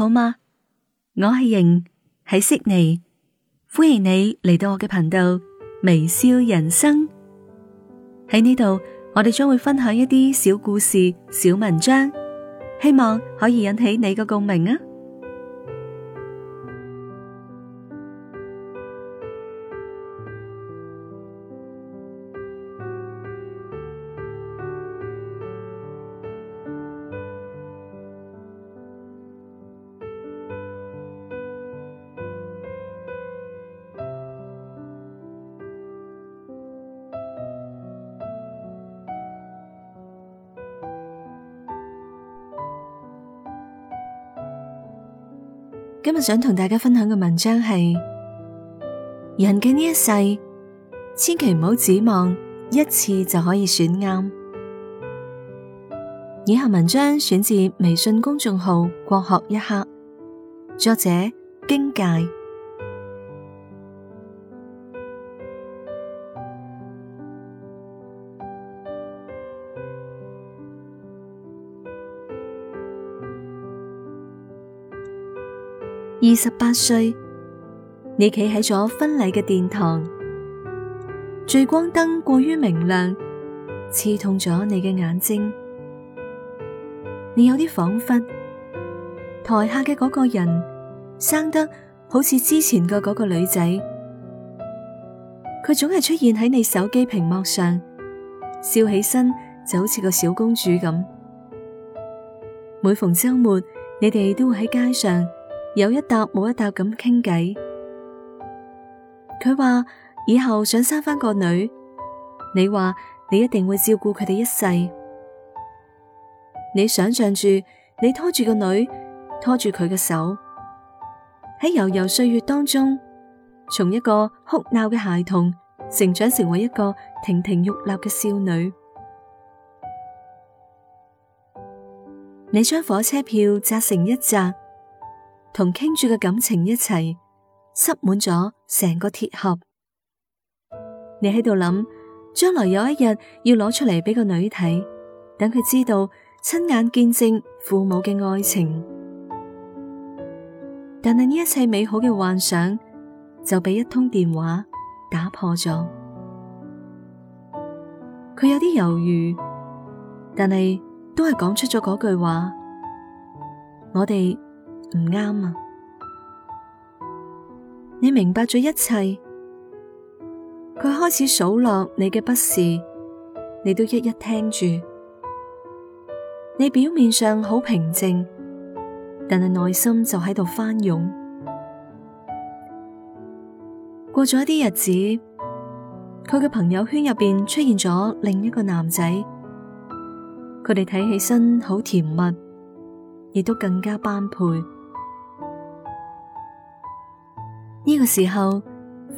好嗎？我係瑩，喺悉尼，歡迎你嚟到我嘅頻道，微笑人生。喺呢度，我哋將會分享一啲小故事、小文章，希望可以引起你嘅共鳴啊。今日想同大家分享嘅文章係：人嘅呢一世，千祈唔好指望一次就可以選啱。以下文章選自微信公眾號《國學一刻》，作者：經介。二十八歲，你企喺咗婚禮嘅殿堂，聚光燈過於明亮，刺痛咗你嘅眼睛。你有啲恍惚，台下嘅嗰個人，生得好似之前嘅嗰個女仔。佢總係出現喺你手機屏幕上，笑起身就好似個小公主咁。每逢周末，你哋都會喺街上。有一搭冇一搭咁傾偈，佢話以後想生返個女，你話你一定會照顧佢哋一世。你想象住你拖住個女，拖住佢嘅手，喺悠悠歲月當中，從一個哭鬧嘅孩童，成長成為一個亭亭玉立嘅少女。你將火車票紮成一紮。同傾住嘅感情一齊，塞滿咗成個鐵盒。你喺度諗，將來有一日要攞出嚟俾個女睇，等佢知道親眼見證父母嘅愛情。但係呢一切美好嘅幻想，就俾一通電話打破咗。佢有啲猶豫，但係都係講出咗嗰句話：我哋。唔啱啊！你明白咗一切，佢開始數落你嘅不是，你都一一聽住。你表面上好平靜，但係內心就喺度翻湧。過咗一啲日子，佢嘅朋友圈入邊出現咗另一個男仔，佢哋睇起身，好甜蜜，亦都更加般配。呢個時候，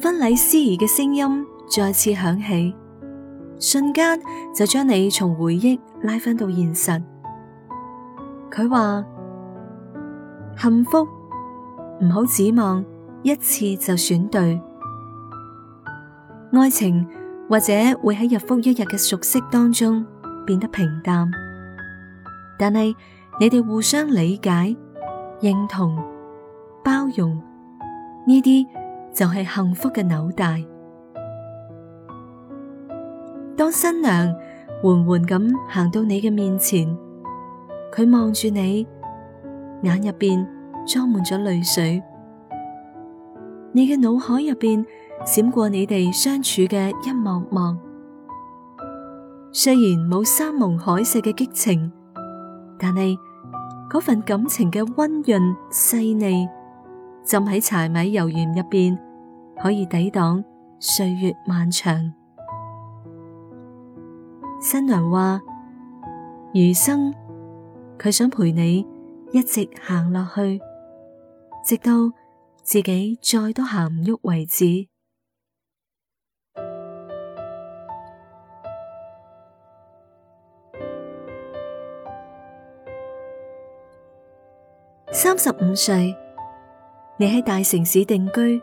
婚禮司儀嘅聲音再次響起，瞬間就將你從回憶拉返到現實。佢話：幸福唔好指望一次就選對，愛情或者會喺日復一日嘅熟悉當中變得平淡。但係你哋互相理解、認同、包容。呢啲就係幸福嘅紐帶。當新娘緩緩咁行到你嘅面前，佢望住你，眼入邊裝滿咗淚水。你嘅腦海入邊閃過你哋相處嘅一幕幕。雖然冇山盟海誓嘅激情，但係嗰份感情嘅溫潤細膩。浸喺柴米油鹽入邊，可以抵擋歲月漫長。新娘話：餘生佢想陪你一直行落去，直到自己再都行唔喐為止。三十五歲。你喺大城市定居，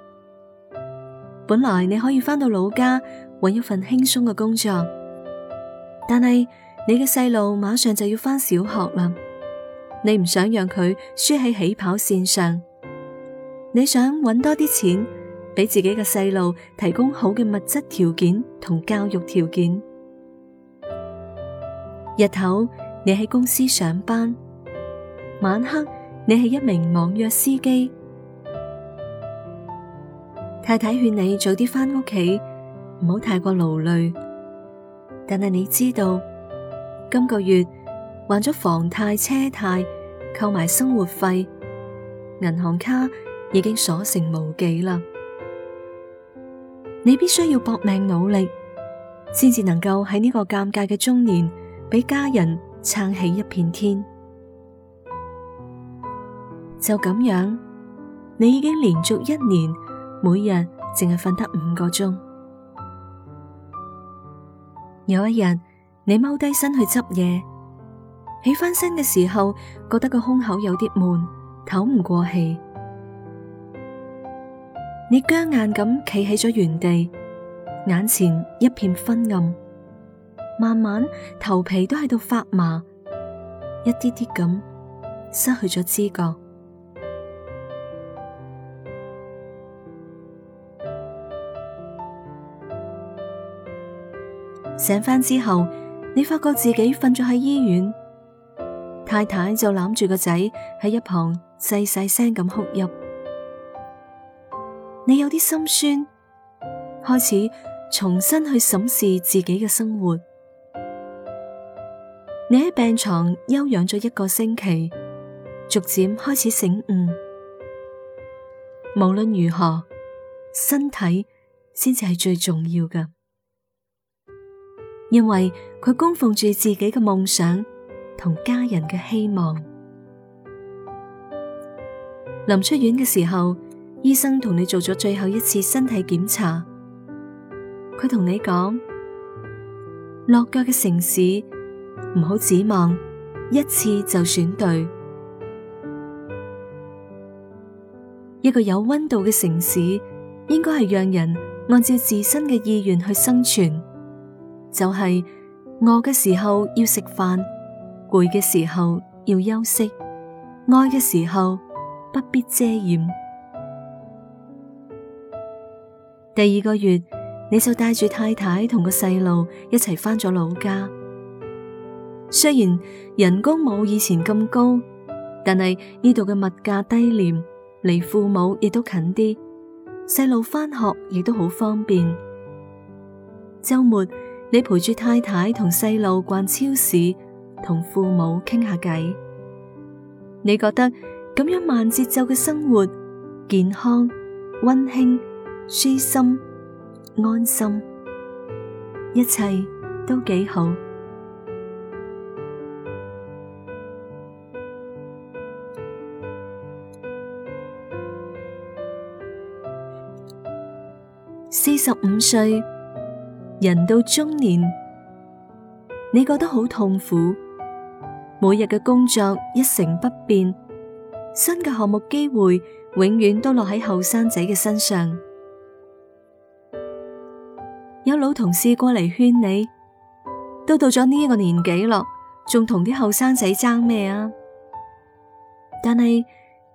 本來你可以翻到老家搵一份輕鬆嘅工作，但係你嘅細路馬上就要翻小學啦，你唔想讓佢輸喺起跑綫上，你想搵多啲錢，俾自己嘅細路提供好嘅物質條件同教育條件。日頭你喺公司上班，晚黑你係一名網約車司機。太太勸你早啲返屋企，唔好太過勞累。但係你知道，今個月還咗房貸、車貸、扣埋生活費，銀行卡已經所剩無幾啦。你必須要搏命努力，先至能夠喺呢個尷尬嘅中年，俾家人撐起一片天。就咁樣，你已經連續一年。每日淨係瞓得五個鐘。有一日，你踎低身去執嘢，起翻身嘅時候，覺得個胸口有啲悶，唞唔過氣。你僵硬咁企喺咗原地，眼前一片昏暗，慢慢頭皮都喺度發麻，一啲啲咁失去咗知覺。醒翻之後，你發覺自己瞓咗喺醫院，太太就攬住個仔喺一旁細細聲咁哭泣。你有啲心酸，開始重新去審視自己嘅生活。你喺病床休養咗一個星期，逐漸開始醒悟，無論如何，身體先至係最重要嘅。因為佢供奉住自己嘅夢想同家人嘅希望。臨出院嘅時候，醫生同你做咗最後一次身體檢查。佢同你講：落腳嘅城市唔好指望，一次就選對。一個有溫度嘅城市，應該係讓人按照自身嘅意願去生存。就係餓嘅時候要食飯，攰嘅時候要休息，愛嘅時候不必遮掩。第二個月，你就帶住太太同個細路一齊翻咗老家。雖然人工冇以前咁高，但係呢度嘅物價低廉，離父母亦都近啲，細路翻學亦都好方便。周末。你陪住太太同細路逛超市，同父母傾下偈。你覺得咁樣慢節奏嘅生活，健康、溫馨、舒心、安心，一切都幾好。四十五歲。人到中年，你覺得好痛苦，每日嘅工作一成不變，新嘅項目機會永遠都落喺後生仔嘅身上。有老同事過嚟勸你，都到咗呢一個年紀咯，仲同啲後生仔爭咩啊？但係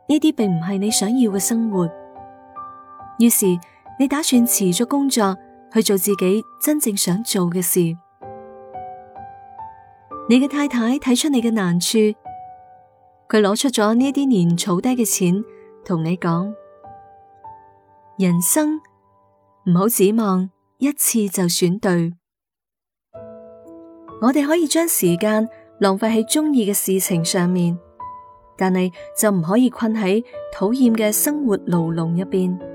呢啲並唔係你想要嘅生活，於是你打算辭咗工作。去做自己真正想做嘅事。你嘅太太睇出你嘅難處，佢攞出咗呢啲年儲低嘅錢，同你講：人生唔好指望一次就選對。我哋可以將時間浪費喺中意嘅事情上面，但係就唔可以困喺討厭嘅生活牢籠入邊。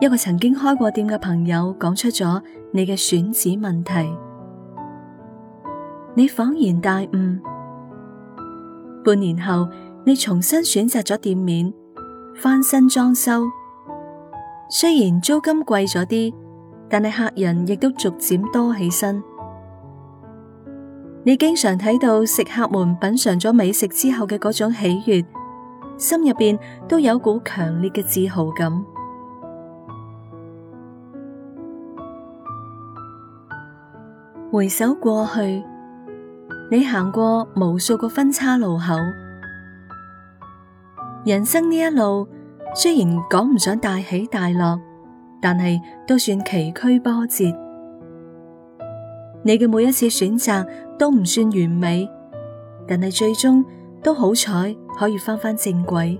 一個曾經開過店嘅朋友講出咗你嘅選址問題，你恍然大悟。半年後，你重新選擇咗店面，翻新裝修。雖然租金貴咗啲，但係客人亦都逐漸多起身。你經常睇到食客們品嘗咗美食之後嘅嗰種喜悅，心入邊都有股強烈嘅自豪感。回首過去，你行過無數個分叉路口。人生呢一路雖然講唔上大起大落，但係都算崎嶇波折。你嘅每一次選擇都唔算完美，但係最終都好彩可以翻返正軌。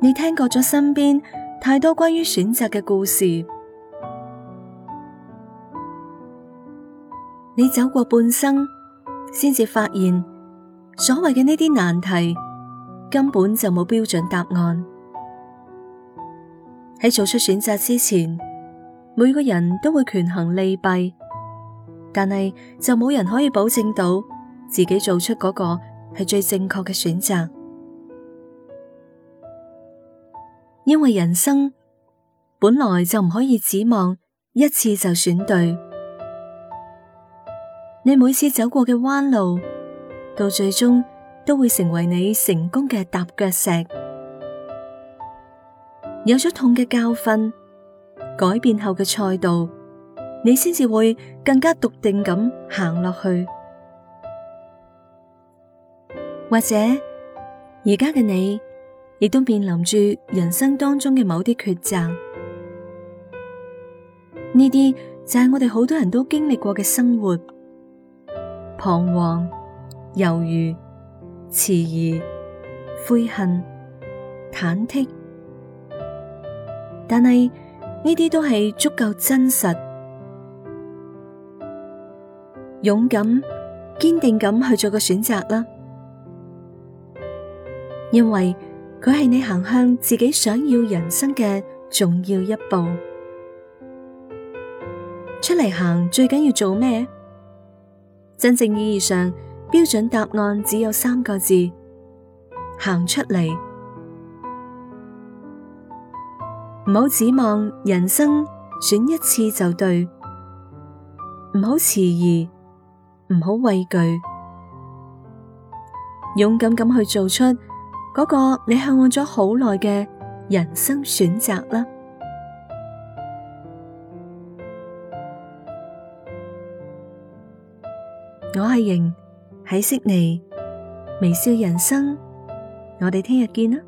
你聽過咗身邊太多關於選擇嘅故事。你走過半生，先至發現所謂嘅呢啲難題根本就冇標準答案。喺做出選擇之前，每個人都會權衡利弊，但係就冇人可以保證到自己做出嗰個係最正確嘅選擇，因為人生本來就唔可以指望一次就選對。你每次走過嘅彎路，到最終都會成為你成功嘅踏腳石。有咗痛嘅教訓，改變後嘅賽道，你先至會更加篤定咁行落去。或者而家嘅你，亦都面臨住人生當中嘅某啲抉擇。呢啲就係我哋好多人都經歷過嘅生活。彷徨、猶豫、遲疑、悔恨、忐忑，但係呢啲都係足夠真實、勇敢、堅定咁去做個選擇啦。因為佢係你行向自己想要人生嘅重要一步。出嚟行最緊要做咩？真正意義上標準答案只有三個字：行出嚟，唔好指望人生選一次就對，唔好遲疑，唔好畏懼，勇敢咁去做出嗰個你向往咗好耐嘅人生選擇啦。我係瑩喺悉尼微笑人生，我哋聽日見啦。